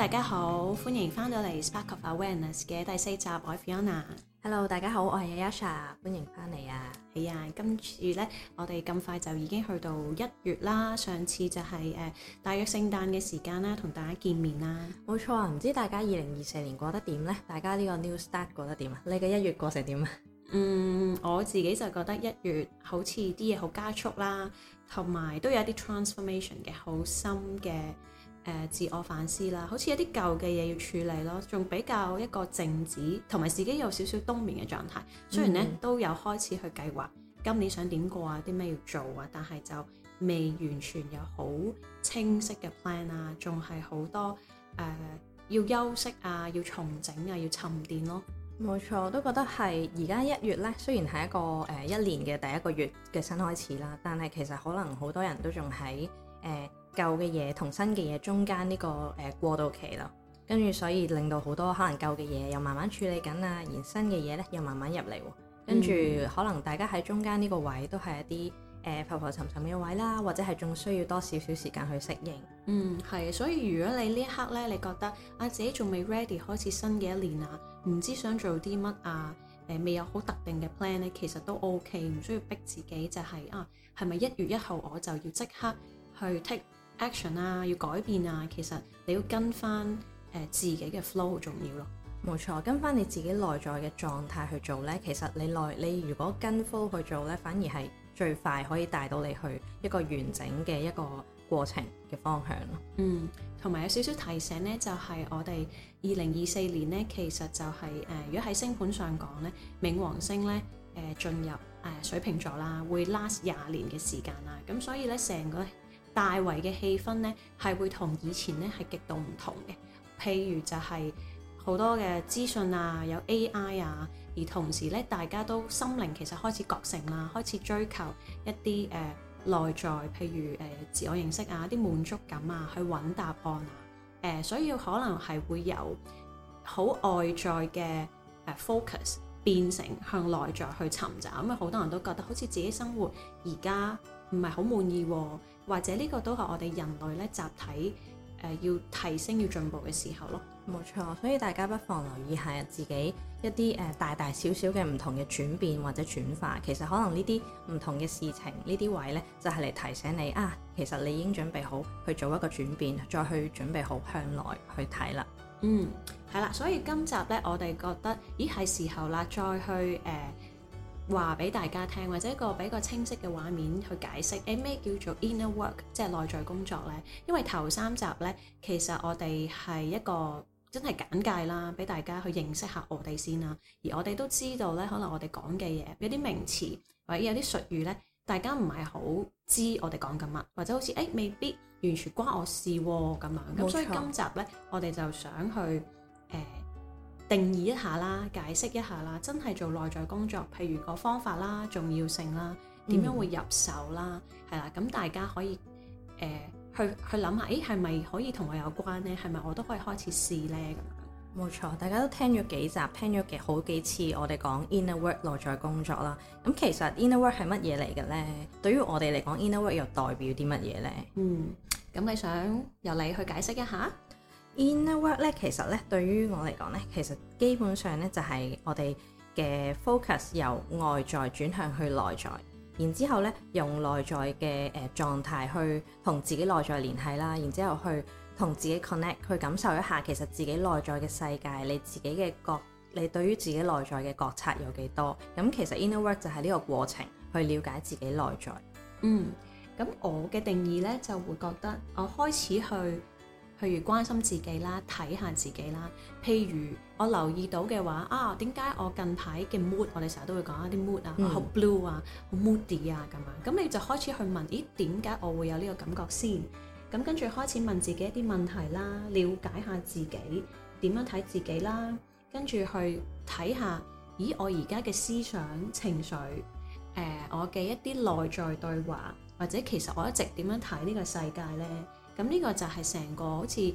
大家好，歡迎翻到嚟 Spark of Awareness 嘅第四集。Fiona，hello，大家好，我係 Yasha，歡迎翻嚟啊。係啊，今次咧，我哋咁快就已經去到一月啦。上次就係、是、誒、呃，大約聖誕嘅時間啦，同大家見面啦。冇錯啊，唔知大家二零二四年過得點咧？大家呢個 new start 過得點啊？你嘅一月過成點啊？嗯，我自己就覺得一月好似啲嘢好加速啦，同埋都有一啲 transformation 嘅，好深嘅。誒自我反思啦，好似有啲舊嘅嘢要處理咯，仲比較一個靜止，同埋自己有少少冬眠嘅狀態。雖然咧都有開始去計劃今年想點過啊，啲咩要做啊，但係就未完全有好清晰嘅 plan 啊，仲係好多誒、呃、要休息啊，要重整啊，要沉澱咯。冇錯，我都覺得係而家一月咧，雖然係一個誒一、呃、年嘅第一個月嘅新開始啦，但係其實可能好多人都仲喺誒、呃舊嘅嘢同新嘅嘢中間呢、這個誒、呃、過渡期咯，跟住所以令到好多可能舊嘅嘢又慢慢處理緊啊，而新嘅嘢咧又慢慢入嚟，跟住、嗯、可能大家喺中間呢個位都係一啲誒、呃、浮浮沉沉嘅位啦，或者係仲需要多少少時間去適應。嗯，係，所以如果你呢一刻咧，你覺得啊自己仲未 ready 開始新嘅一年啊，唔知想做啲乜啊，誒、呃、未有好特定嘅 plan 咧，其實都 OK，唔需要逼自己就係、是、啊，係咪一月一號我就要即刻去 take？Action 啊，要改變啊，其實你要跟翻誒、呃、自己嘅 flow 好重要咯。冇錯，跟翻你自己內在嘅狀態去做呢。其實你內你如果跟 flow 去做呢，反而係最快可以帶到你去一個完整嘅一個過程嘅方向咯。嗯，同埋有少少提醒呢，就係、是、我哋二零二四年呢，其實就係、是、誒、呃，如果喺星盤上講呢，冥王星呢誒、呃、進入誒、呃、水瓶座啦，會 last 廿年嘅時間啦，咁所以呢，成個呢，大圍嘅氣氛咧，係會同以前咧係極度唔同嘅。譬如就係好多嘅資訊啊，有 AI 啊，而同時咧，大家都心靈其實開始覺醒啦，開始追求一啲誒內在，譬如誒、呃、自我認識啊，啲滿足感啊，去揾答案啊。誒、呃，所以可能係會有好外在嘅誒 focus 變成向內在去尋找咁啊。好多人都覺得好似自己生活而家唔係好滿意喎、啊。或者呢個都係我哋人類咧集體誒、呃、要提升、要進步嘅時候咯。冇錯，所以大家不妨留意下自己一啲誒、呃、大大小小嘅唔同嘅轉變或者轉化。其實可能呢啲唔同嘅事情，呢啲位咧就係、是、嚟提醒你啊，其實你已經準備好去做一個轉變，再去準備好向內去睇啦。嗯，係啦，所以今集咧，我哋覺得，咦，係時候啦，再去誒。呃話俾大家聽，或者一個比較清晰嘅畫面去解釋，誒咩叫做 inner work，即係內在工作呢？因為頭三集呢，其實我哋係一個真係簡介啦，俾大家去認識下我哋先啦。而我哋都知道呢，可能我哋講嘅嘢有啲名詞或者有啲術語呢，大家唔係好知我哋講緊乜，或者好似誒、哎、未必完全關我事咁、啊、樣。咁，冇錯，所以今集呢，我哋就想去。定義一下啦，解釋一下啦，真係做內在工作，譬如個方法啦、重要性啦、點樣會入手啦，係啦、嗯，咁大家可以誒、呃、去去諗下，誒係咪可以同我有關呢？係咪我都可以開始試呢？冇錯，大家都聽咗幾集，聽咗幾好幾次我講，我哋講 inner work 內在工作啦。咁其實 inner work 係乜嘢嚟嘅呢？對於我哋嚟講，inner work 又代表啲乜嘢呢？嗯，咁你想由你去解釋一下。Inner work 咧，其實咧，對於我嚟講咧，其實基本上咧，就係我哋嘅 focus 由外在轉向去內在，然之後咧，用內在嘅誒狀態去同自己內在聯繫啦，然之後去同自己 connect，去感受一下其實自己內在嘅世界，你自己嘅覺，你對於自己內在嘅覺察有幾多？咁其實 inner work 就係呢個過程去了解自己內在。嗯，咁我嘅定義咧就會覺得我開始去。譬如關心自己啦，睇下自己啦。譬如我留意到嘅話，啊，點解我近排嘅 mood？我哋成日都會講一啲 mood 啊，好 blue 啊，好 moody 啊咁樣。咁你就開始去問，咦，點解我會有呢個感覺先？咁跟住開始問自己一啲問題啦，了解下自己點樣睇自己啦，跟住去睇下，咦，我而家嘅思想情緒，誒、呃、我嘅一啲內在對話，或者其實我一直點樣睇呢個世界咧？咁呢個就係成個好似誒、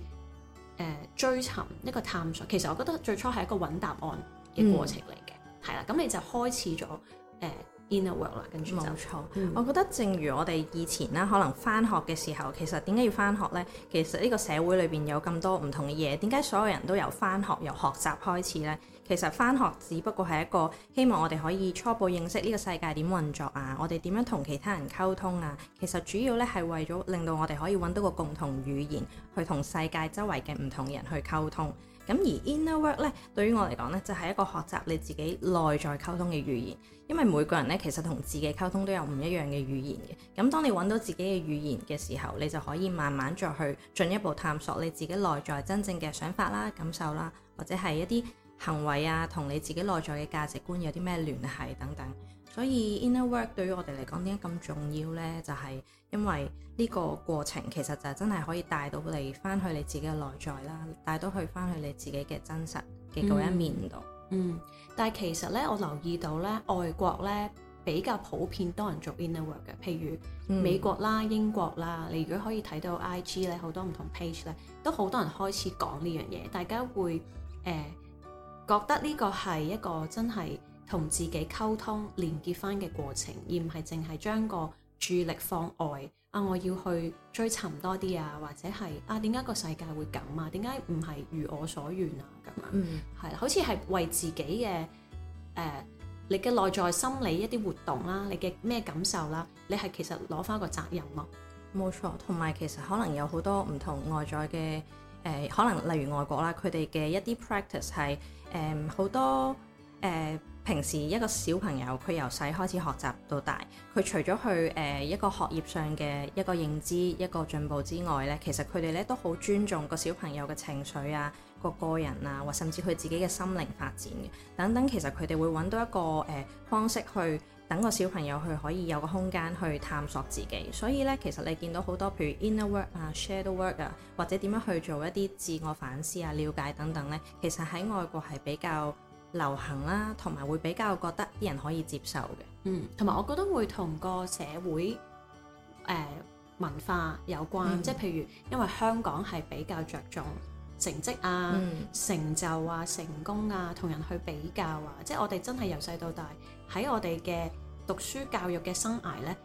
呃、追尋一個探索，其實我覺得最初係一個揾答案嘅過程嚟嘅，係啦、嗯，咁你就開始咗誒、呃 Inner Work 啦，跟住冇錯。嗯、我覺得正如我哋以前啦，可能返學嘅時候，其實點解要返學呢？其實呢個社會裏邊有咁多唔同嘅嘢，點解所有人都由返學由學習開始呢？其實返學只不過係一個希望我哋可以初步認識呢個世界點運作啊，我哋點樣同其他人溝通啊。其實主要呢係為咗令到我哋可以搵到個共同語言，去同世界周圍嘅唔同人去溝通。咁而 inner work 咧，對於我嚟講咧，就係一個學習你自己內在溝通嘅語言。因為每個人咧，其實同自己溝通都有唔一樣嘅語言嘅。咁當你揾到自己嘅語言嘅時候，你就可以慢慢再去進一步探索你自己內在真正嘅想法啦、感受啦，或者係一啲行為啊，同你自己內在嘅價值觀有啲咩聯繫等等。所以 inner work 對於我哋嚟講點解咁重要咧？就係、是、因為呢個過程其實就真係可以帶到你翻去你自己嘅內在啦，帶到去翻去你自己嘅真實嘅嗰一面度、嗯。嗯。但係其實咧，我留意到咧，外國咧比較普遍多人做 inner work 嘅，譬如美國啦、嗯、英國啦。你如果可以睇到 IG 咧，好多唔同 page 咧，都好多人開始講呢樣嘢，大家會誒、呃、覺得呢個係一個真係。同自己溝通連結翻嘅過程，而唔係淨係將個注意力放外啊！我要去追尋多啲啊，或者係啊，點解個世界會咁啊？點解唔係如我所願啊？咁樣係、嗯、好似係為自己嘅誒、呃、你嘅內在心理一啲活動啦、啊，你嘅咩感受啦、啊？你係其實攞翻個責任喎、啊。冇錯，同埋其實可能有好多唔同外在嘅誒、呃，可能例如外國啦，佢哋嘅一啲 practice 係誒好、呃、多誒。呃平時一個小朋友，佢由細開始學習到大，佢除咗去誒、呃、一個學業上嘅一個認知一個進步之外呢，其實佢哋咧都好尊重個小朋友嘅情緒啊、個個人啊，或甚至佢自己嘅心靈發展嘅等等。其實佢哋會揾到一個誒、呃、方式去等個小朋友去可以有個空間去探索自己。所以呢，其實你見到好多譬如 inner work 啊、shadow work 啊，或者點樣去做一啲自我反思啊、了解等等呢。其實喺外國係比較流行啦，同埋會比較覺得啲人可以接受嘅。嗯，同埋我覺得會同個社會誒、呃、文化有關，嗯、即係譬如因為香港係比較着重成績啊、嗯、成就啊、成功啊，同人去比較啊。即係我哋真係由細到大喺我哋嘅讀書教育嘅生涯咧，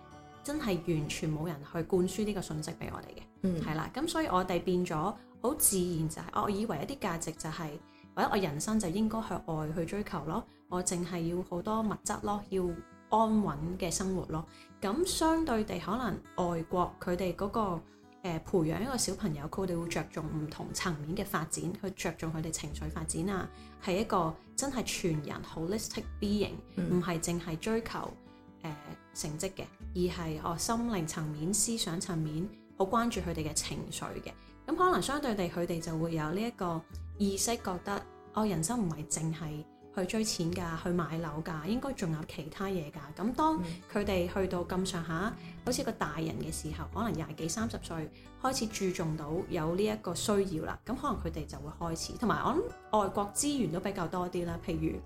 真係完全冇人去灌輸呢個信息俾我哋嘅。嗯，係啦，咁所以我哋變咗好自然就係、是啊、我以為一啲價值就係、是。或者我人生就應該向外去追求咯，我淨係要好多物質咯，要安穩嘅生活咯。咁相對地，可能外國佢哋嗰個誒、呃、培養一個小朋友，佢哋會着重唔同層面嘅發展，去着重佢哋情緒發展啊，係一個真係全人 holistic being，唔係淨係追求誒、呃、成績嘅，而係我心靈層面、思想層面好關注佢哋嘅情緒嘅。咁可能相對地，佢哋就會有呢、這、一個。意識覺得我、哦、人生唔係淨係去追錢㗎，去買樓㗎，應該仲有其他嘢㗎。咁當佢哋去到咁上下，好似個大人嘅時候，可能廿幾三十歲開始注重到有呢一個需要啦。咁可能佢哋就會開始，同埋我諗外國資源都比較多啲啦，譬如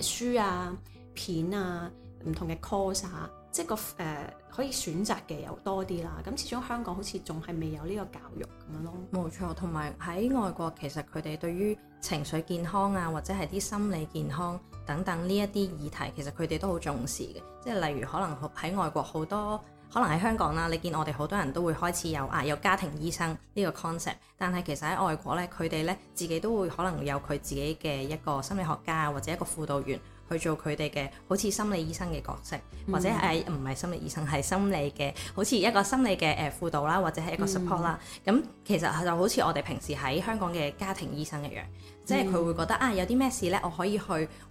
書啊、片啊、唔同嘅 course、啊即係個誒、呃、可以選擇嘅又多啲啦，咁始終香港好似仲係未有呢個教育咁樣咯。冇錯，同埋喺外國其實佢哋對於情緒健康啊，或者係啲心理健康等等呢一啲議題，其實佢哋都好重視嘅。即係例如可能喺外國好多，可能喺香港啦、啊，你見我哋好多人都會開始有啊有家庭醫生呢個 concept，但係其實喺外國咧，佢哋咧自己都會可能有佢自己嘅一個心理學家或者一個輔導員。去做佢哋嘅好似心理醫生嘅角色，嗯、或者係唔係心理醫生，係心理嘅好似一個心理嘅誒輔導啦，或者係一個 support 啦。咁、嗯、其實就好似我哋平時喺香港嘅家庭醫生一樣。即係佢會覺得、嗯、啊，有啲咩事呢？我可以去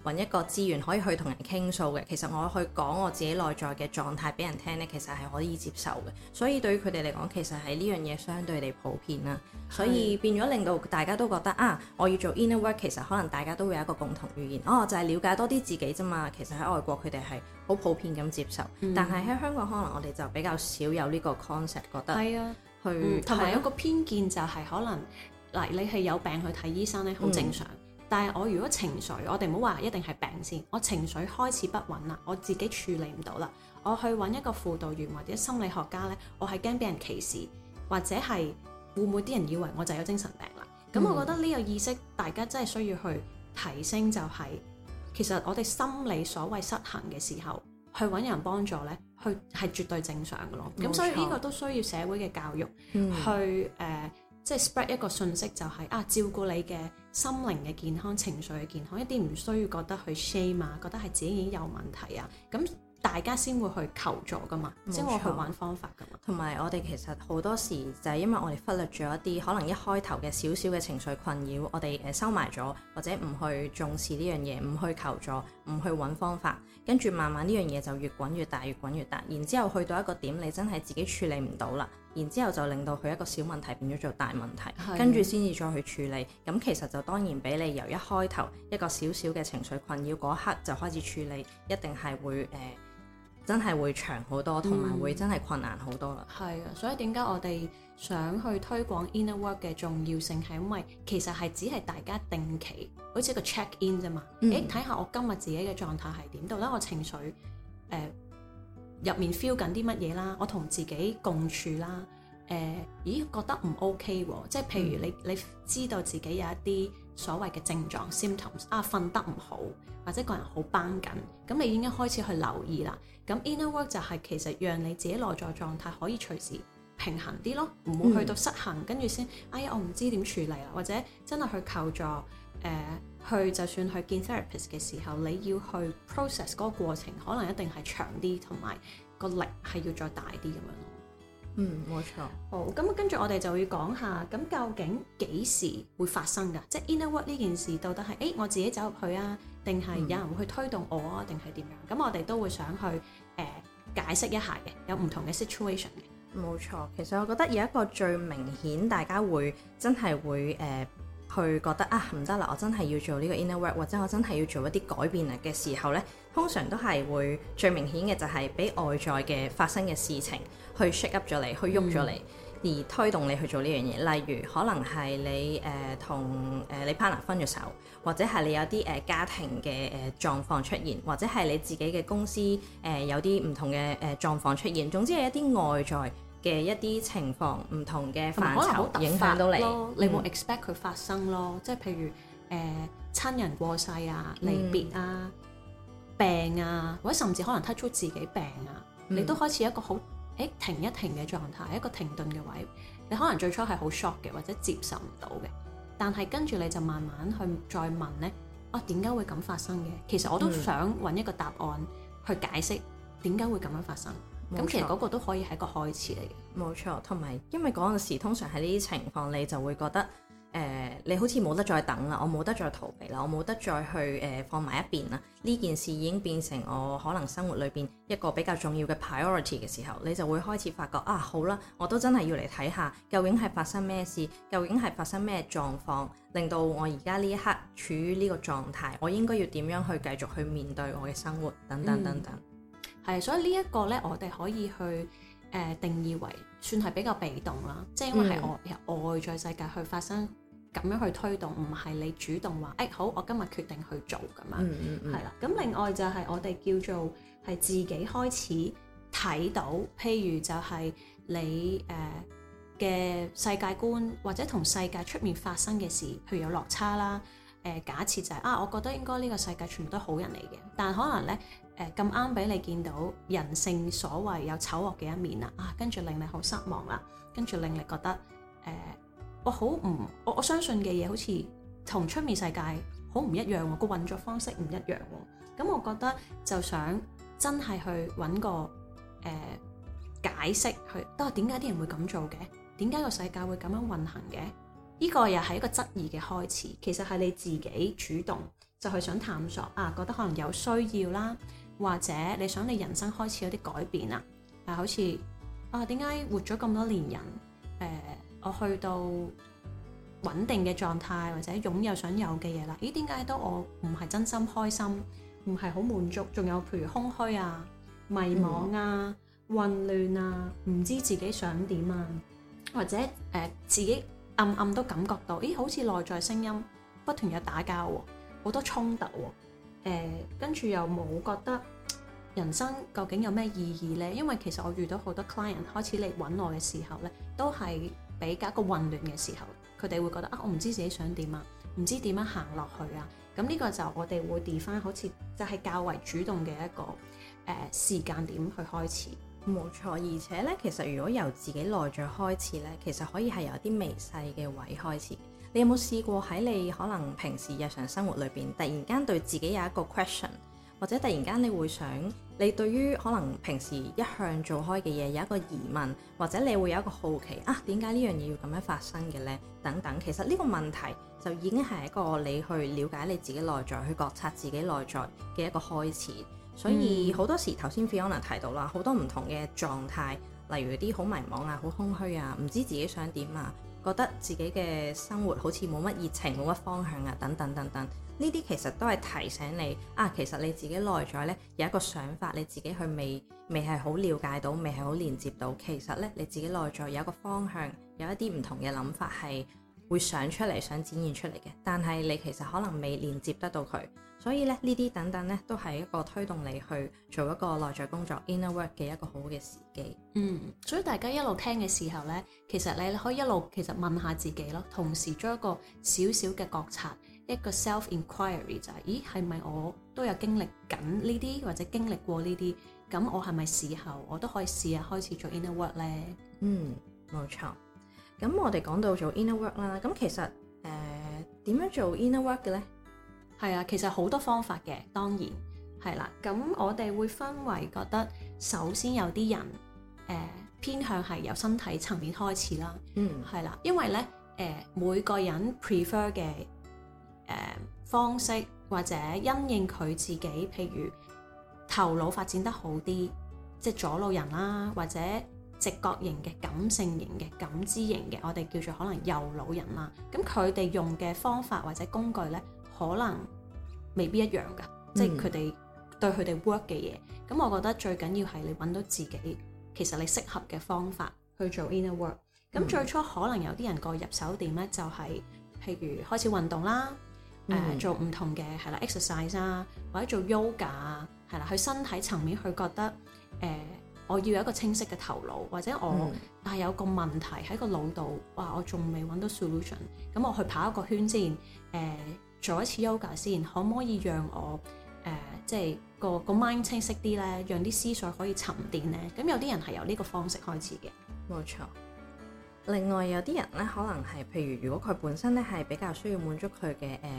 揾一個資源，可以去同人傾訴嘅。其實我去講我自己內在嘅狀態俾人聽呢，其實係可以接受嘅。所以對於佢哋嚟講，其實係呢樣嘢相對地普遍啦。的所以變咗令到大家都覺得啊，我要做 inner work，其實可能大家都會有一個共同語言。哦、啊，就係了解多啲自己咋嘛。其實喺外國佢哋係好普遍咁接受，嗯、但係喺香港可能我哋就比較少有呢個 concept，覺得係啊，去同埋一個偏見就係可能。嗱，你係有病去睇醫生咧，好正常。嗯、但係我如果情緒，我哋唔好話一定係病先，我情緒開始不穩啦，我自己處理唔到啦，我去揾一個輔導員或者心理學家呢，我係驚俾人歧視，或者係會唔會啲人以為我就有精神病啦？咁、嗯、我覺得呢個意識，大家真係需要去提升、就係，就係其實我哋心理所謂失衡嘅時候，去揾人幫助呢，去係絕對正常嘅咯。咁沒錯 所以呢個都需要社會嘅教育、嗯、去誒。呃即係 spread 一個訊息、就是，就係啊照顧你嘅心靈嘅健康、情緒嘅健康，一啲唔需要覺得去 shame 啊，覺得係自己已經有問題啊，咁大家先會去求助噶嘛，先錯會去揾方法噶嘛。同埋我哋其實好多時就係、是、因為我哋忽略咗一啲可能一開頭嘅小小嘅情緒困擾，我哋誒收埋咗，或者唔去重視呢樣嘢，唔去求助，唔去揾方法，跟住慢慢呢樣嘢就越滾越大，越滾越大，然之後去到一個點，你真係自己處理唔到啦。然之後就令到佢一個小問題變咗做大問題，跟住先至再去處理。咁其實就當然俾你由一開頭一個小小嘅情緒困擾嗰刻就開始處理，一定係會誒、呃，真係會長好多，同埋、嗯、會真係困難好多啦。係啊，所以點解我哋想去推廣 inner work 嘅重要性，係因為其實係只係大家定期，好似一個 check in 啫嘛。誒、嗯，睇下我今日自己嘅狀態係點？到底我情緒入面 feel 緊啲乜嘢啦？我同自己共處啦。誒、呃，咦？覺得唔 OK 喎。即係譬如你你知道自己有一啲所謂嘅症狀 symptoms 啊，瞓得唔好或者個人好繃緊，咁你已經開始去留意啦。咁 inner work 就係其實讓你自己內在狀態可以隨時平衡啲咯，唔會去到失衡跟住先。哎呀，我唔知點處理啦，或者真係去求助誒。呃去就算去見 therapist 嘅時候，你要去 process 嗰個過程，可能一定係長啲，同埋個力係要再大啲咁樣咯。嗯，冇錯。好，咁跟住我哋就會講下，咁究竟幾時會發生㗎？即係 inner work 呢件事，到底係誒、欸、我自己走入去啊，定係有人會去推動我啊，定係點樣？咁我哋都會想去誒、呃、解釋一下嘅，有唔同嘅 situation 嘅。冇錯，其實我覺得有一個最明顯，大家會真係會誒。呃去覺得啊唔得啦！我真係要做呢個 inner work，或者我真係要做一啲改變啊嘅時候呢，通常都係會最明顯嘅就係俾外在嘅發生嘅事情去 shake up 咗你，去喐咗你，嗯、而推動你去做呢樣嘢。例如可能係你誒同誒你 partner 分咗手，或者係你有啲誒、呃、家庭嘅誒、呃、狀況出現，或者係你自己嘅公司誒、呃、有啲唔同嘅誒、呃、狀況出現。總之係一啲外在嘅一啲情況唔同嘅範疇，可能好突發，影響到你，咯你會 expect 佢發生咯。嗯、即係譬如誒、呃、親人過世啊、離別啊、嗯、病啊，或者甚至可能睇出自己病啊，嗯、你都開始一個好誒、欸、停一停嘅狀態，一個停頓嘅位。你可能最初係好 shock 嘅，或者接受唔到嘅，但係跟住你就慢慢去再問咧，啊點解會咁發生嘅？其實我都想揾一個答案去解釋點解會咁樣發生。嗯嗯咁其實嗰個都可以係一個開始嚟嘅，冇錯。同埋因為嗰陣時通常喺呢啲情況，你就會覺得誒、呃，你好似冇得再等啦，我冇得再逃避啦，我冇得再去誒、呃、放埋一邊啦。呢件事已經變成我可能生活裏邊一個比較重要嘅 priority 嘅時候，你就會開始發覺啊，好啦，我都真係要嚟睇下究竟係發生咩事，究竟係發生咩狀況，令到我而家呢一刻處於呢個狀態，我應該要點樣去繼續去面對我嘅生活等等等等。嗯。係，所以呢一個咧，我哋可以去誒、呃、定義為算係比較被動啦，即係因為係外、嗯、外在世界去發生咁樣去推動，唔係你主動話誒、欸、好，我今日決定去做咁樣，係啦、嗯。咁、嗯、另外就係我哋叫做係自己開始睇到，譬如就係你誒嘅、呃、世界觀，或者同世界出面發生嘅事，譬如有落差啦。誒、呃，假設就係、是、啊，我覺得應該呢個世界全部都係好人嚟嘅，但可能咧。誒咁啱俾你見到人性所謂有醜惡嘅一面啦，啊，跟住令你好失望啦，跟住令你覺得誒、呃，我好唔我我相信嘅嘢好似同出面世界好唔一樣喎，個運作方式唔一樣喎，咁、嗯、我覺得就想真係去搵個誒、呃、解釋去，都係點解啲人會咁做嘅？點解個世界會咁樣運行嘅？呢、呢個又係一個質疑嘅開始，其實係你自己主動就去、是、想探索啊，覺得可能有需要啦。或者你想你人生開始有啲改變啊？就是、啊，好似啊，點解活咗咁多年人，誒、呃，我去到穩定嘅狀態，或者擁有想有嘅嘢啦？咦，點解都我唔係真心開心，唔係好滿足，仲有譬如空虛啊、迷惘啊、混亂啊，唔知自己想點啊？或者誒、呃，自己暗暗都感覺到，咦，好似內在聲音不斷有打交喎、啊，好多衝突喎、啊。誒，跟住又冇覺得人生究竟有咩意義呢？因為其實我遇到好多 client 開始嚟搵我嘅時候呢，都係比較一個混亂嘅時候，佢哋會覺得啊，我唔知自己想點啊，唔知點樣行落去啊。咁呢個就我哋會定義，好似就係較為主動嘅一個誒、呃、時間點去開始。冇錯，而且呢，其實如果由自己內在開始呢，其實可以係由啲微細嘅位開始。你有冇試過喺你可能平時日常生活裏邊，突然間對自己有一個 question，或者突然間你會想，你對於可能平時一向做開嘅嘢有一個疑問，或者你會有一個好奇啊，點解呢樣嘢要咁樣發生嘅呢？等等，其實呢個問題就已經係一個你去了解你自己內在，去覺察自己內在嘅一個開始。所以好多時頭先、嗯、Fiona 提到啦，好多唔同嘅狀態，例如啲好迷茫啊，好空虛啊，唔知自己想點啊。覺得自己嘅生活好似冇乜熱情，冇乜方向啊，等等等等，呢啲其實都係提醒你啊，其實你自己內在呢有一個想法，你自己去未未係好了解到，未係好連接到，其實呢你自己內在有一個方向，有一啲唔同嘅諗法係會想出嚟，想展現出嚟嘅，但係你其實可能未連接得到佢。所以咧，呢啲等等咧，都係一個推動你去做一個內在工作 inner work 嘅一個好嘅時機。嗯，所以大家一路聽嘅時候咧，其實你可以一路其實問下自己咯，同時做一個小小嘅覺察，一個 self inquiry 就係，咦，係咪我都有經歷緊呢啲或者經歷過呢啲？咁我係咪時候我都可以試下開始做 inner work 咧？嗯，冇錯。咁我哋講到做 inner work 啦，咁其實誒點樣做 inner work 嘅咧？係啊，其實好多方法嘅，當然係啦。咁我哋會分為覺得，首先有啲人誒、呃、偏向係由身體層面開始啦，係啦、嗯，因為咧誒、呃、每個人 prefer 嘅誒、呃、方式或者因應佢自己，譬如頭腦發展得好啲，即係左腦人啦，或者直覺型嘅、感性型嘅、感知型嘅，我哋叫做可能右腦人啦。咁佢哋用嘅方法或者工具咧，可能未必一樣㗎，即係佢哋對佢哋 work 嘅嘢。咁、嗯、我覺得最緊要係你揾到自己其實你適合嘅方法去做 inner work。咁、嗯、最初可能有啲人個入手點咧，就係、是、譬如開始運動啦，誒、嗯呃、做唔同嘅係啦 exercise 啊，或者做 yoga 啊，係啦，佢身體層面佢覺得誒、呃、我要有一個清晰嘅頭腦，或者我、嗯、但係有個問題喺個腦度，哇，我仲未揾到 solution。咁我去跑一個圈先誒。呃呃做一次瑜伽先，可唔可以讓我誒、呃，即係個個 mind 清晰啲咧？讓啲思緒可以沉澱咧。咁有啲人係由呢個方式開始嘅，冇錯。另外有啲人咧，可能係譬如如果佢本身咧係比較需要滿足佢嘅誒。呃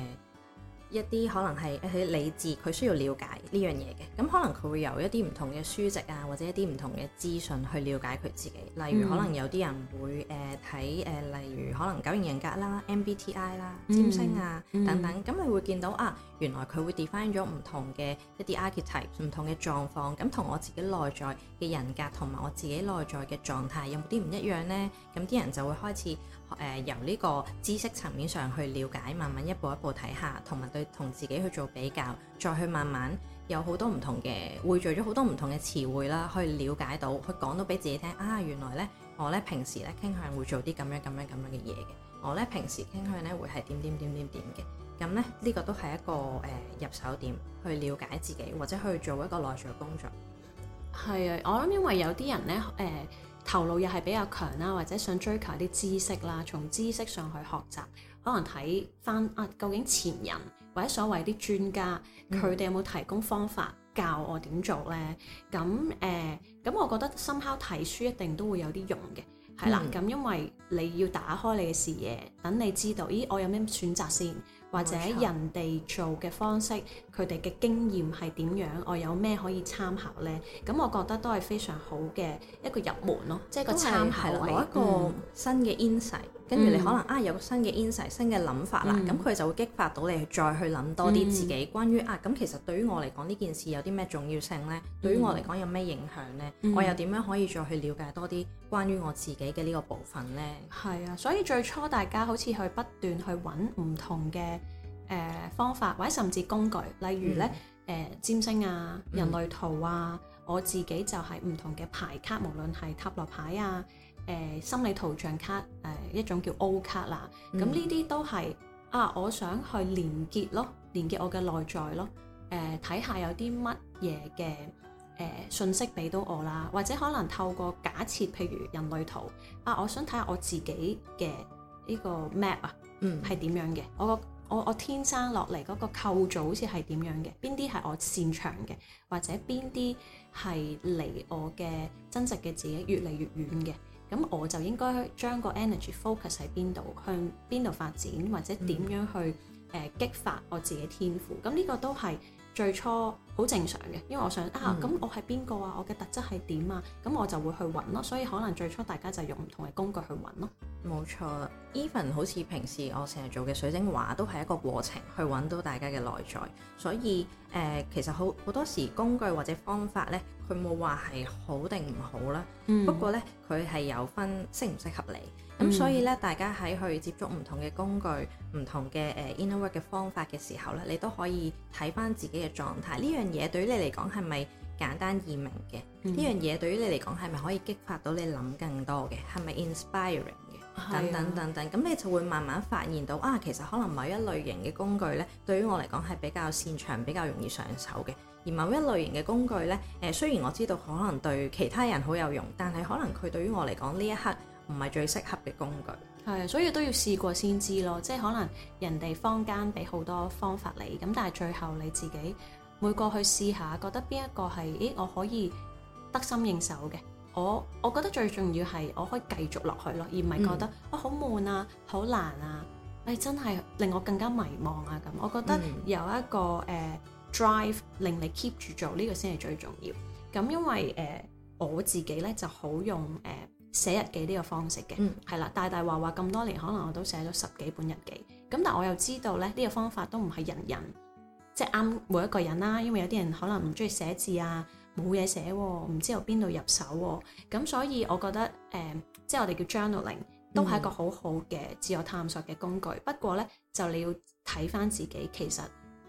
一啲可能係佢理智，佢需要了解呢樣嘢嘅，咁可能佢會由一啲唔同嘅書籍啊，或者一啲唔同嘅資訊去了解佢自己。例如可能有啲人會誒睇誒例如可能九型人格啦、MBTI 啦、占星、嗯、啊等等。咁、嗯嗯、你會見到啊，原來佢會 define 咗唔同嘅一啲 archetype 唔同嘅狀況，咁同我自己內在嘅人格同埋我自己內在嘅狀態有冇啲唔一樣咧？咁啲人就會開始誒、呃、由呢個知識層面上去了解，慢慢一步一步睇下，同埋對。同自己去做比較，再去慢慢有好多唔同嘅會做咗好多唔同嘅詞彙啦，去了解到，去講到俾自己聽啊！原來呢，我呢平時呢傾向會做啲咁樣咁樣咁樣嘅嘢嘅，我呢平時傾向呢會係點點點點點嘅，咁呢，呢、這個都係一個誒、呃、入手點去了解自己，或者去做一個內在工作。係啊，我諗因為有啲人呢，誒、呃、頭腦又係比較強啦，或者想追求啲知識啦，從知識上去學習，可能睇返啊，究竟前人。或者所謂啲專家，佢哋、嗯、有冇提供方法教我點做咧？咁誒，咁、呃、我覺得深敲睇書一定都會有啲用嘅，係啦。咁、嗯、因為你要打開你嘅視野，等你知道，咦，我有咩選擇先？或者人哋做嘅方式，佢哋嘅經驗係點樣，我有咩可以參考咧？咁我覺得都係非常好嘅一個入門咯，即係個參考位，一個，一個、嗯、新嘅 insight，跟住你可能、嗯、啊有個新嘅 insight、新嘅諗法啦，咁佢就會激發到你再去諗多啲自己關於啊，咁其實對於我嚟講呢件事有啲咩重要性咧？嗯、對於我嚟講有咩影響咧？嗯、我又點樣可以再去了解多啲關於我自己嘅呢個部分咧？係啊、嗯嗯，所以最初大家好似去不斷去揾唔同嘅。誒、呃、方法或者甚至工具，例如咧誒、嗯呃、占星啊、人類圖啊，嗯、我自己就係唔同嘅牌卡，嗯、無論係塔羅牌啊、誒、呃、心理圖像卡誒、呃、一種叫 O 卡啦。咁呢啲都係啊，我想去連結咯，連結我嘅內在咯。誒，睇下有啲乜嘢嘅誒信息俾到我啦，或者可能透過假設，譬如人類圖啊，我想睇下我自己嘅呢個 map 啊，係點樣嘅我個。我我天生落嚟嗰個構造好似係點樣嘅？邊啲係我擅長嘅？或者邊啲係離我嘅真實嘅自己越嚟越遠嘅？咁我就應該將個 energy focus 喺邊度？向邊度發展？或者點樣去誒激發我自己天賦？咁呢個都係。最初好正常嘅，因為我想啊，咁我係邊個啊？我嘅特質係點啊？咁我就會去揾咯。所以可能最初大家就用唔同嘅工具去揾咯。冇錯，even 好似平時我成日做嘅水晶畫都係一個過程去揾到大家嘅內在。所以誒、呃，其實好好多時工具或者方法呢，佢冇話係好定唔好啦。嗯、不過呢，佢係有分適唔適合你。咁、嗯、所以咧，大家喺去接觸唔同嘅工具、唔同嘅誒、uh, inner work 嘅方法嘅時候咧，你都可以睇翻自己嘅狀態。呢樣嘢對於你嚟講係咪簡單易明嘅？呢樣嘢對於你嚟講係咪可以激發到你諗更多嘅？係咪 inspiring 嘅？啊、等等等等。咁你就會慢慢發現到啊，其實可能某一類型嘅工具咧，對於我嚟講係比較擅長、比較容易上手嘅。而某一類型嘅工具咧，誒、呃、雖然我知道可能對其他人好有用，但係可能佢對於我嚟講呢一刻，唔係最適合嘅工具，係，所以都要試過先知咯。即係可能人哋坊間俾好多方法你，咁但係最後你自己每個去試下，覺得邊一個係？咦、欸，我可以得心應手嘅。我我覺得最重要係我可以繼續落去咯，而唔係覺得啊好、嗯哦、悶啊，好難啊，誒、哎、真係令我更加迷茫啊咁。我覺得有一個誒、嗯呃、drive 令你 keep 住做呢、這個先係最重要。咁因為誒、呃、我自己咧就好用誒。呃寫日記呢個方式嘅，係啦、嗯，大大話話咁多年，可能我都寫咗十幾本日記。咁但我又知道咧，呢、這個方法都唔係人人即啱每一個人啦、啊。因為有啲人可能唔中意寫字啊，冇嘢寫、啊，唔知由邊度入手喎、啊。咁所以我覺得誒、呃，即係我哋叫 journaling，都係一個好好嘅自我探索嘅工具。嗯、不過呢，就你要睇翻自己，其實。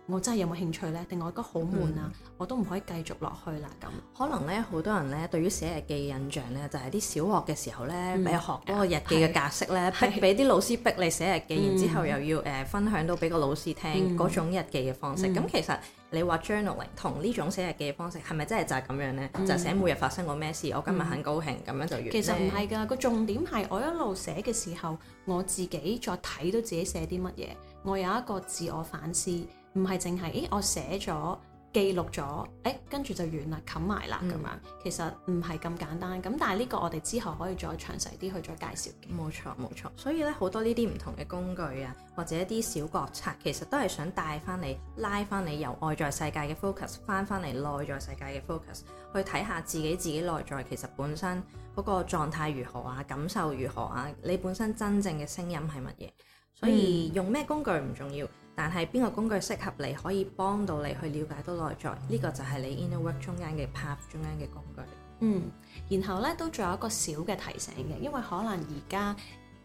我真係有冇興趣呢？定我覺得好悶啊！我都唔可以繼續落去啦。咁可能呢，好多人呢，對於寫日記嘅印象呢，就係啲小學嘅時候呢，俾學嗰個日記嘅格式呢，逼俾啲老師逼你寫日記，然之後又要誒分享到俾個老師聽嗰種日記嘅方式。咁其實你話 journaling 同呢種寫日記嘅方式係咪真係就係咁樣呢？就寫每日發生過咩事，我今日很高興咁樣就完。其實唔係㗎，個重點係我一路寫嘅時候，我自己再睇到自己寫啲乜嘢，我有一個自我反思。唔係淨係，誒我寫咗記錄咗，誒跟住就完啦，冚埋啦咁樣。嗯、其實唔係咁簡單。咁但係呢個我哋之後可以再詳細啲去再介紹嘅。冇錯冇錯。所以咧好多呢啲唔同嘅工具啊，或者一啲小覺察，其實都係想帶翻你拉翻你由外在世界嘅 focus 翻翻嚟內在世界嘅 focus，去睇下自己自己內在其實本身嗰個狀態如何啊，感受如何啊，你本身真正嘅聲音係乜嘢？所以用咩工具唔重要。嗯嗯。但係邊個工具適合你，可以幫到你去了解到內在，呢、這個就係你 inner work 中間嘅 path 中間嘅工具。嗯，然後咧都仲有一個小嘅提醒嘅，因為可能而家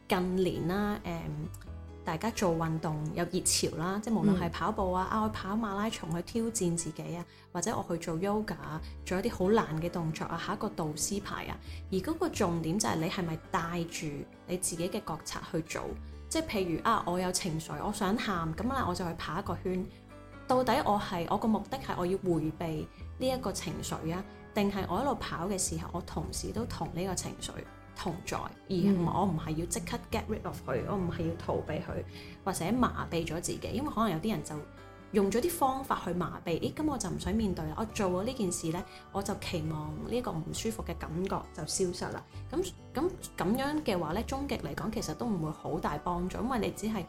近年啦，誒、嗯，大家做運動有熱潮啦，即係無論係跑步、嗯、啊，啊去跑馬拉松去挑戰自己啊，或者我去做 yoga 啊，做一啲好難嘅動作啊，下一個導師牌啊，而嗰個重點就係你係咪帶住你自己嘅覺察去做？即係譬如啊，我有情緒，我想喊，咁啊，我就去跑一個圈。到底我係我個目的係我要迴避呢一個情緒啊，定係我一路跑嘅時候，我同時都同呢個情緒同在，而唔我唔係要即刻 get rid of 佢，我唔係要逃避佢，或者麻痹咗自己，因為可能有啲人就，用咗啲方法去麻痹，咦？咁我就唔使面對啦。我做咗呢件事呢，我就期望呢個唔舒服嘅感覺就消失啦。咁咁咁樣嘅話呢，終極嚟講，其實都唔會好大幫助，因為你只係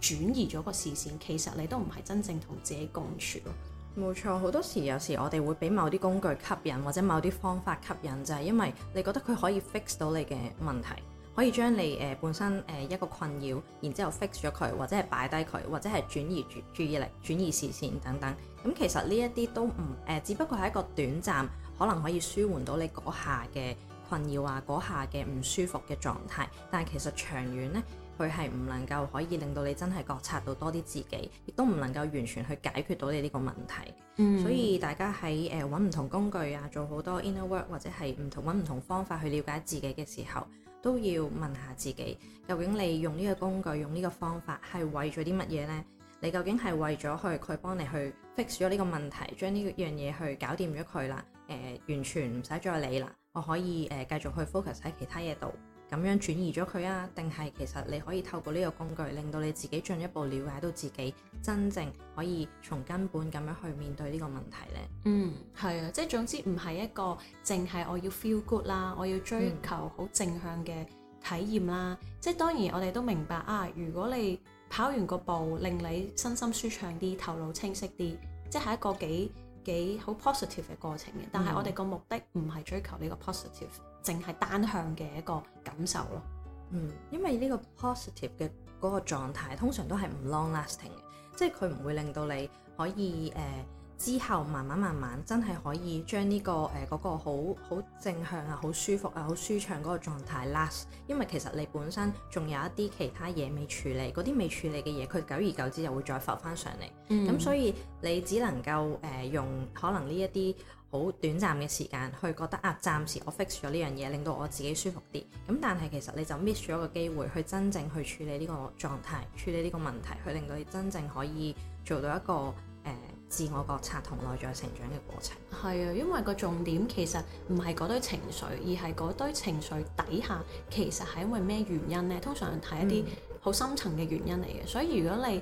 轉移咗個視線，其實你都唔係真正同自己共處咯。冇錯，好多時有時我哋會俾某啲工具吸引，或者某啲方法吸引，就係因為你覺得佢可以 fix 到你嘅問題。可以將你誒、呃、本身誒、呃、一個困擾，然之後 fix 咗佢，或者係擺低佢，或者係轉移注意力、轉移視線等等。咁、嗯、其實呢一啲都唔誒、呃，只不過係一個短暫，可能可以舒緩到你嗰下嘅困擾啊，嗰下嘅唔舒服嘅狀態。但係其實長遠呢，佢係唔能夠可以令到你真係覺察到多啲自己，亦都唔能夠完全去解決到你呢個問題。嗯、所以大家喺誒揾唔同工具啊，做好多 inner work 或者係唔同揾唔同方法去了解自己嘅時候，都要問下自己，究竟你用呢個工具、用呢個方法係為咗啲乜嘢呢？你究竟係為咗去佢幫你去 fix 咗呢個問題，將呢樣嘢去搞掂咗佢啦？誒、呃，完全唔使再理啦，我可以誒、呃、繼續去 focus 喺其他嘢度。咁樣轉移咗佢啊？定係其實你可以透過呢個工具，令到你自己進一步了解到自己真正可以從根本咁樣去面對呢個問題呢？嗯，係啊，即係總之唔係一個淨係我要 feel good 啦，我要追求好正向嘅體驗啦。嗯，即係當然我哋都明白啊，如果你跑完個步，令你身心舒暢啲、頭腦清晰啲，即係一個幾幾好 positive 嘅過程嘅。但係我哋個目的唔係追求呢個 positive。淨係單向嘅一個感受咯，嗯，因為呢個 positive 嘅嗰個狀態通常都係唔 long lasting 嘅，即係佢唔會令到你可以誒。呃之後慢慢慢慢真係可以將呢個誒嗰個好好正向啊、好舒服啊、好舒暢嗰個狀態 last，因為其實你本身仲有一啲其他嘢未處理，嗰啲未處理嘅嘢佢久而久之就會再浮翻上嚟。咁、嗯、所以你只能夠誒用可能呢一啲好短暫嘅時間去覺得啊，暫時我 fix 咗呢樣嘢，令到我自己舒服啲。咁但係其實你就 miss 咗一個機會去真正去處理呢個狀態、處理呢個問題，去令到你真正可以做到一個誒。呃自我覺察同內在成長嘅過程係啊， 因為個重點其實唔係嗰堆情緒，而係嗰堆情緒底下其實係因為咩原因呢？通常睇一啲好深層嘅原因嚟嘅，所以如果你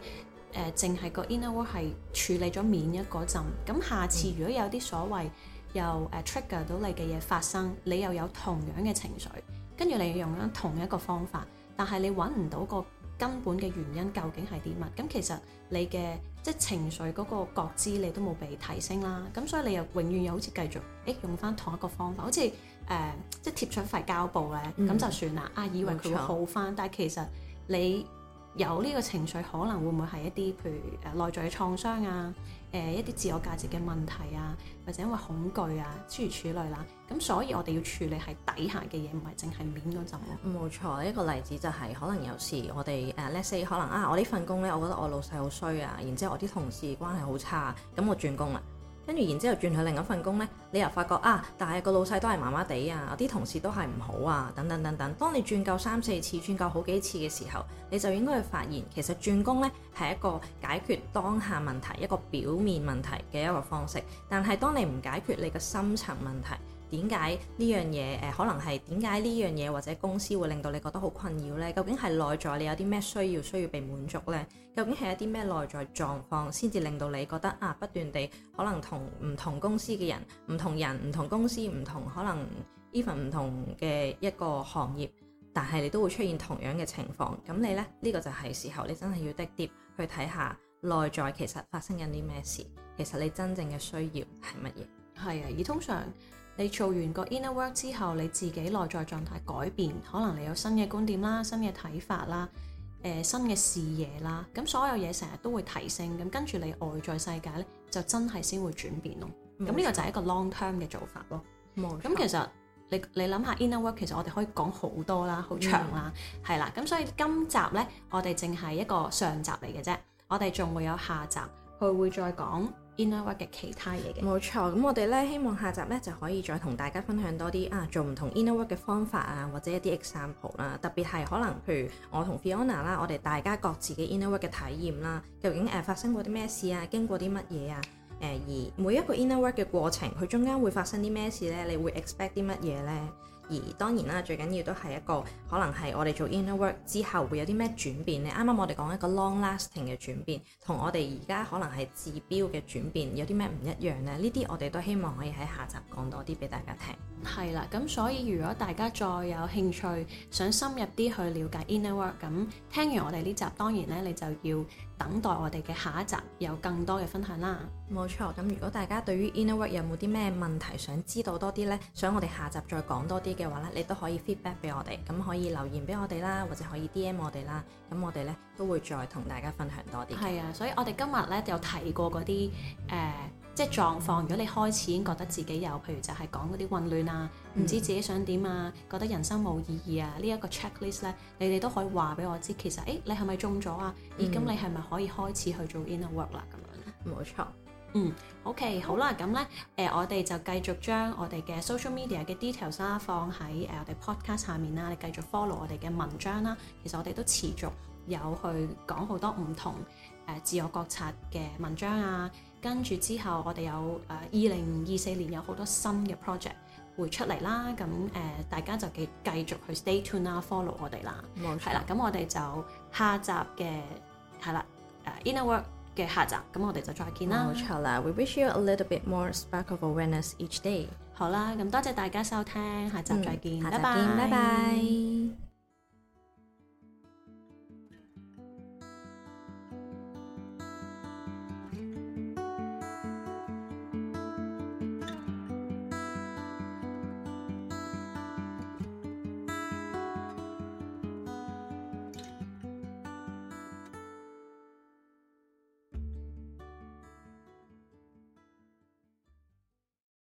誒淨係個 inner work 係處理咗面一個陣，咁下次如果有啲所謂又誒、呃、trigger 到你嘅嘢發生，你又有同樣嘅情緒，跟住你用緊同一個方法，但係你揾唔到個根本嘅原因究竟係啲乜？咁其實你嘅即係情緒嗰個覺知，你都冇被提升啦。咁所以你又永遠又好似繼續，誒用翻同一個方法，好似誒即係貼上塊膠布嘅，咁、嗯、就算啦。啊，以為佢會好翻，冇錯，但係其實你。有呢個情緒可能會唔會係一啲譬如誒、呃、內在嘅創傷啊，誒、呃、一啲自我價值嘅問題啊，或者因為恐懼啊諸如此類啦、啊。咁所以我哋要處理係底下嘅嘢，唔係淨係面嗰陣咯。冇錯，一個例子就係、是、可能有時我哋誒 let's say 可能啊，我呢份工呢，我覺得我老細好衰啊，然之後我啲同事關係好差，咁我轉工啦、啊。跟住然之後轉去另一份工呢，你又發覺啊，但係個老細都係麻麻地啊，啲同事都係唔好啊，等等等等。當你轉夠三四次，轉夠好幾次嘅時候，你就應該會發現，其實轉工呢係一個解決當下問題、一個表面問題嘅一個方式。但係當你唔解決你嘅深層問題。點解呢樣嘢誒？可能係點解呢樣嘢或者公司會令到你覺得好困擾呢？究竟係內在你有啲咩需要需要被滿足呢？究竟係一啲咩內在狀況先至令到你覺得啊，不斷地可能同唔同公司嘅人、唔同人、唔同公司、唔同可能 even 唔同嘅一個行業，但係你都會出現同樣嘅情況。咁你呢，呢、呢個就係時候，你真係要滴啲去睇下內在其實發生緊啲咩事，其實你真正嘅需要係乜嘢？係啊，而通常。你做完個 inner work 之後，你自己內在狀態改變，可能你有新嘅觀點啦、新嘅睇法啦、誒、呃、新嘅視野啦，咁所有嘢成日都會提升，咁跟住你外在世界咧就真係先會轉變咯。冇錯。咁呢個就係一個 long term 嘅做法咯。冇錯。咁其實你你諗下 inner work，其實我哋可以講好多啦，好長啦，係、嗯、啦。咁所以今集咧，我哋淨係一個上集嚟嘅啫，我哋仲會有下集，佢會再講。inner work 嘅其他嘢嘅，冇錯。咁我哋呢希望下集呢就可以再同大家分享多啲啊，做唔同 inner work 嘅方法啊，或者一啲 example 啦。特別係可能譬如我同 Fiona 啦，我哋大家各自嘅 inner work 嘅體驗啦，究竟誒、呃、發生過啲咩事啊，經過啲乜嘢啊？誒、呃、而每一個 inner work 嘅過程，佢中間會發生啲咩事呢？你會 expect 啲乜嘢呢？而當然啦，最緊要都係一個可能係我哋做 inner work 之後會有啲咩轉變呢。啱啱我哋講一個 long-lasting 嘅轉變，同我哋而家可能係治標嘅轉變有啲咩唔一樣呢？呢啲我哋都希望可以喺下集講多啲俾大家聽。係啦，咁所以如果大家再有興趣，想深入啲去了解 inner work，咁聽完我哋呢集，當然咧你就要。等待我哋嘅下一集有更多嘅分享啦，冇錯，咁如果大家對於 Inner Work 有冇啲咩問題想知道多啲呢？想我哋下集再講多啲嘅話呢，你都可以 feedback 俾我哋，咁可以留言俾我哋啦，或者可以 DM 我哋啦，咁我哋呢都會再同大家分享多啲嘅。係啊，所以我哋今日呢，有提過嗰啲誒。呃即係狀況，如果你開始已經覺得自己有，譬如就係講嗰啲混亂啊，唔知自己想點啊，覺得人生冇意義啊，呢一、mm. 個 checklist 咧，你哋都可以話俾我知。其實誒，你係咪中咗啊？咦，咁你係咪可以開始去做 inner work 啦？咁樣呢。冇錯。嗯、mm. okay。OK。好啦，咁咧誒，我哋就繼續將我哋嘅 social media 嘅 details 啦，放喺誒、呃、我哋 podcast 下面啦。你繼續 follow 我哋嘅文章啦。其實我哋都持續有去講好多唔同。誒自我覺察嘅文章啊，跟住之後我哋有誒二零二四年有好多新嘅 project 會出嚟啦，咁誒、呃、大家就繼繼續去 stay tune 啦，follow 我哋啦，冇錯啦，係啦，咁我哋就下集嘅係、嗯、啦、uh, inner work 嘅下集，咁我哋就再見啦，冇錯啦，We wish you a little bit more spark of awareness each day。好啦，咁多謝大家收聽，下集再見，嗯、拜拜，拜拜。拜拜。